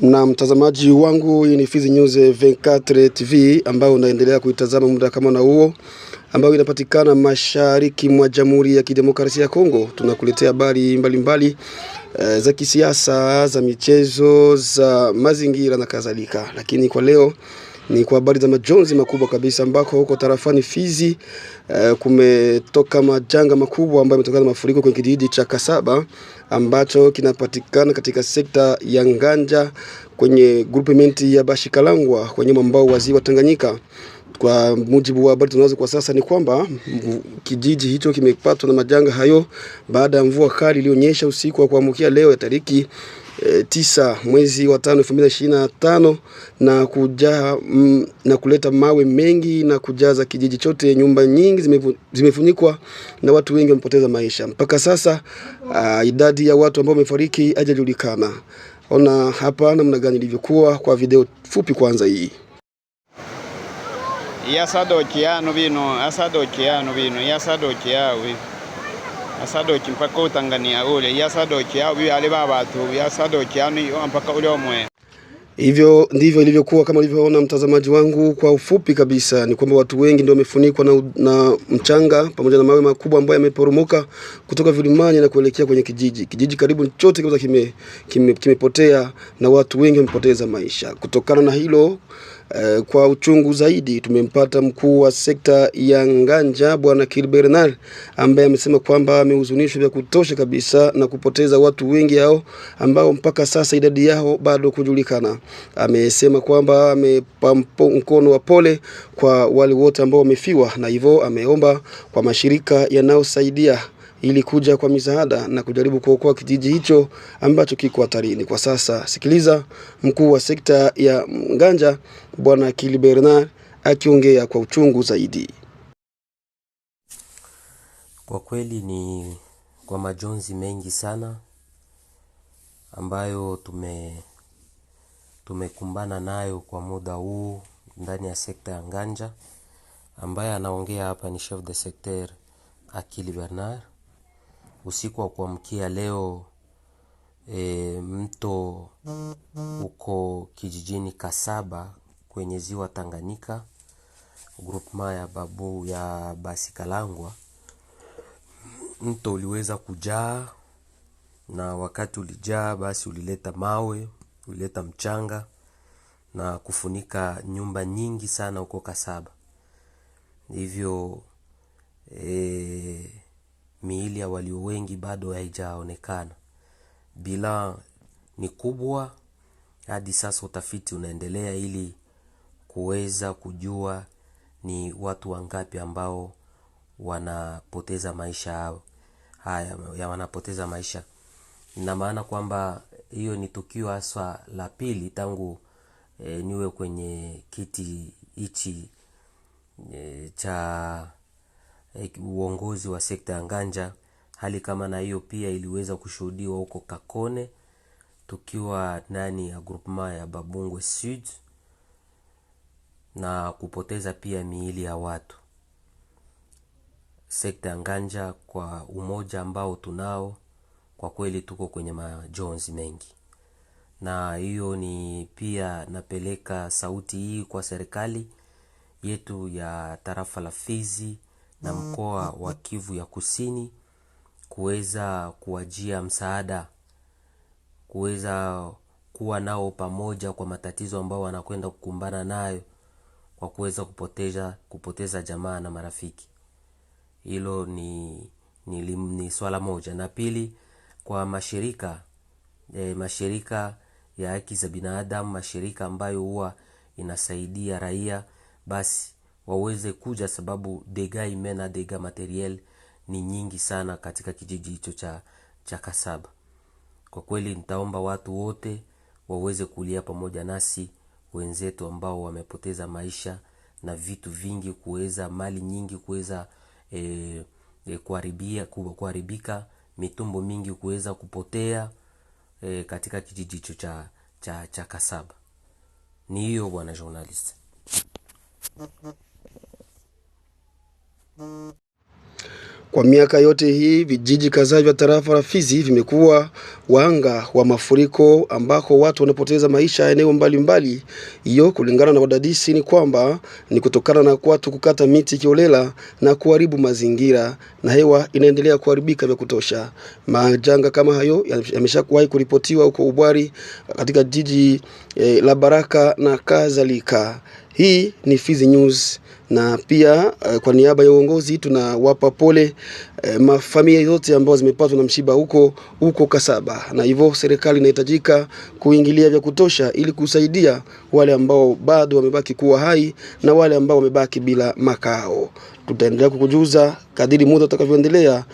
na mtazamaji wangu, hii ni Fizi News 24 TV ambayo unaendelea kuitazama muda kama na huo, ambayo inapatikana mashariki mwa Jamhuri ya Kidemokrasia ya Kongo. Tunakuletea habari mbalimbali e, za kisiasa, za michezo, za mazingira na kadhalika, lakini kwa leo ni kwa habari za majonzi makubwa kabisa ambako huko tarafani Fizi uh, kumetoka majanga makubwa ambayo yametokana na mafuriko kwenye kijiji cha Kasaba ambacho kinapatikana katika sekta ya Nganja kwenye groupment ya Bashikalangwa kwenye mwambao wa Ziwa Tanganyika. Kwa mujibu wa habari tunazo kwa sasa ni kwamba kijiji hicho kimepatwa na majanga hayo baada ya mvua kali iliyonyesha usiku wa kuamkia leo ya tariki Eh, tisa mwezi wa tano elfu mbili na ishirini na tano na kuja, m, mm, na kuleta mawe mengi na kujaza kijiji chote. Nyumba nyingi zimefu, zimefunikwa na watu wengi wamepoteza maisha. Mpaka sasa a, ah, idadi ya watu ambao wamefariki haijajulikana. Ona hapa namna gani ilivyokuwa kwa video fupi kwanza hii yasadokiano vino asadokiano vino yasadokiawi asadoki mpaka utangania ule sadoki au tu ya sadoki yani mpaka ule omwe. Hivyo ndivyo ilivyokuwa kama ulivyoona mtazamaji wangu. Kwa ufupi kabisa, ni kwamba watu wengi ndio wamefunikwa na, na mchanga pamoja na mawe makubwa ambayo yameporomoka kutoka vilimani na kuelekea kwenye kijiji. Kijiji karibu chote kimepotea kime, kime na watu wengi wamepoteza maisha kutokana na hilo. Eh, kwa uchungu zaidi tumempata mkuu wa sekta ya Nganja Bwana kilbernal ambaye amesema kwamba amehuzunishwa vya kutosha kabisa na kupoteza watu wengi hao ambao mpaka sasa idadi yao bado kujulikana. Amesema kwamba amepaa mkono wa pole kwa wale wote ambao wamefiwa, na hivyo ameomba kwa mashirika yanayosaidia ili kuja kwa misaada na kujaribu kuokoa kijiji hicho ambacho kiko hatarini kwa sasa. Sikiliza mkuu wa sekta ya Nganja Bwana Kili Bernard akiongea kwa uchungu zaidi. Kwa kweli ni kwa majonzi mengi sana ambayo tume tumekumbana nayo kwa muda huu ndani ya sekta ya Nganja. Ambaye anaongea hapa ni chef de secteur Akili Bernard. Usiku wa kuamkia leo e, mto uko kijijini Kasaba kwenye ziwa Tanganyika, grupma ya babu ya Basikalangwa. Mto uliweza kujaa, na wakati ulijaa, basi ulileta mawe, ulileta mchanga na kufunika nyumba nyingi sana huko Kasaba hivyo e, miili ya walio wengi bado haijaonekana. Bila ni kubwa hadi sasa utafiti unaendelea ili kuweza kujua ni watu wangapi ambao wanapoteza maisha yao. Haya ya wanapoteza maisha. Ina maana kwamba hiyo ni tukio haswa la pili tangu e, niwe kwenye kiti hichi e, cha Eh, uongozi wa sekta ya nganja. Hali kama na hiyo pia iliweza kushuhudiwa huko Kakone tukiwa ndani ya groupement ya Babungwe Sud na kupoteza pia miili ya watu. Sekta ya nganja kwa umoja ambao tunao kwa kweli tuko kwenye majonzi mengi, na hiyo ni pia napeleka sauti hii kwa serikali yetu ya tarafa la Fizi na mkoa wa Kivu ya Kusini kuweza kuwajia msaada, kuweza kuwa nao pamoja kwa matatizo ambayo wanakwenda kukumbana nayo kwa kuweza kupoteza, kupoteza jamaa na marafiki. Hilo ni, ni, ni swala moja na pili, kwa mashirika e, mashirika ya haki za binadamu, mashirika ambayo huwa inasaidia raia basi waweze kuja, sababu dega imena dega materiel ni nyingi sana katika kijiji hicho cha, cha Kasaba. Kwa kweli nitaomba watu wote waweze kulia pamoja nasi wenzetu ambao wamepoteza maisha na vitu vingi kuweza mali nyingi kuweza e, e, kuharibia kuharibika, mitumbo mingi kuweza kupotea e, katika kijiji hicho cha, cha, cha Kasaba. Ni hiyo bwana journalist. Kwa miaka yote hii vijiji kadhaa vya tarafa la Fizi vimekuwa wanga wa mafuriko ambako watu wanapoteza maisha eneo mbalimbali. Hiyo kulingana na wadadisi ni kwamba ni kutokana na watu kukata miti kiolela na kuharibu mazingira, na hewa inaendelea kuharibika vya kutosha. Majanga kama hayo yameshawahi kuripotiwa huko Ubwari katika jiji eh, la Baraka na kadhalika. Hii ni Fizi News na pia eh, kwa niaba ya uongozi tunawapa pole eh, mafamilia yote ambao zimepatwa na msiba huko huko Kasaba, na hivyo serikali inahitajika kuingilia vya kutosha ili kusaidia wale ambao bado wamebaki kuwa hai na wale ambao wamebaki bila makao. Tutaendelea kukujuza kadiri muda utakavyoendelea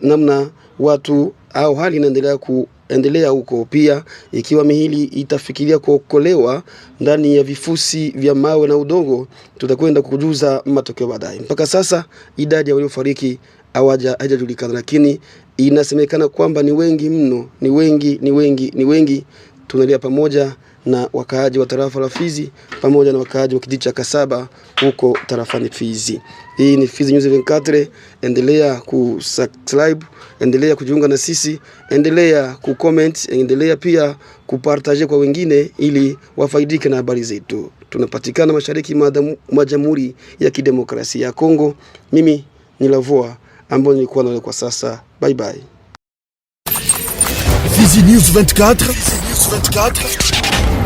namna watu au hali inaendelea ku endelea huko pia. Ikiwa mihili itafikiria kuokolewa ndani ya vifusi vya mawe na udongo, tutakwenda kujuza matokeo baadaye. Mpaka sasa idadi ya waliofariki hawajajulikana, lakini inasemekana kwamba ni wengi mno, ni wengi, ni wengi, ni wengi. Tunalia pamoja na wakaaji wa tarafa la Fizi pamoja na wakaaji wa kijiji cha Kasaba huko tarafani Fizi. Hii ni Fizi News 24. Endelea kusubscribe, endelea kujiunga na sisi, endelea kucomment, endelea pia kupartaje kwa wengine ili wafaidike na habari zetu. Tunapatikana mashariki mwa Jamhuri ya Kidemokrasia ya Kongo. Mimi ni Lavua ambayo nilikuwa nayo kwa sasa. Bye bye. Fizi News 24. Fizi News 24.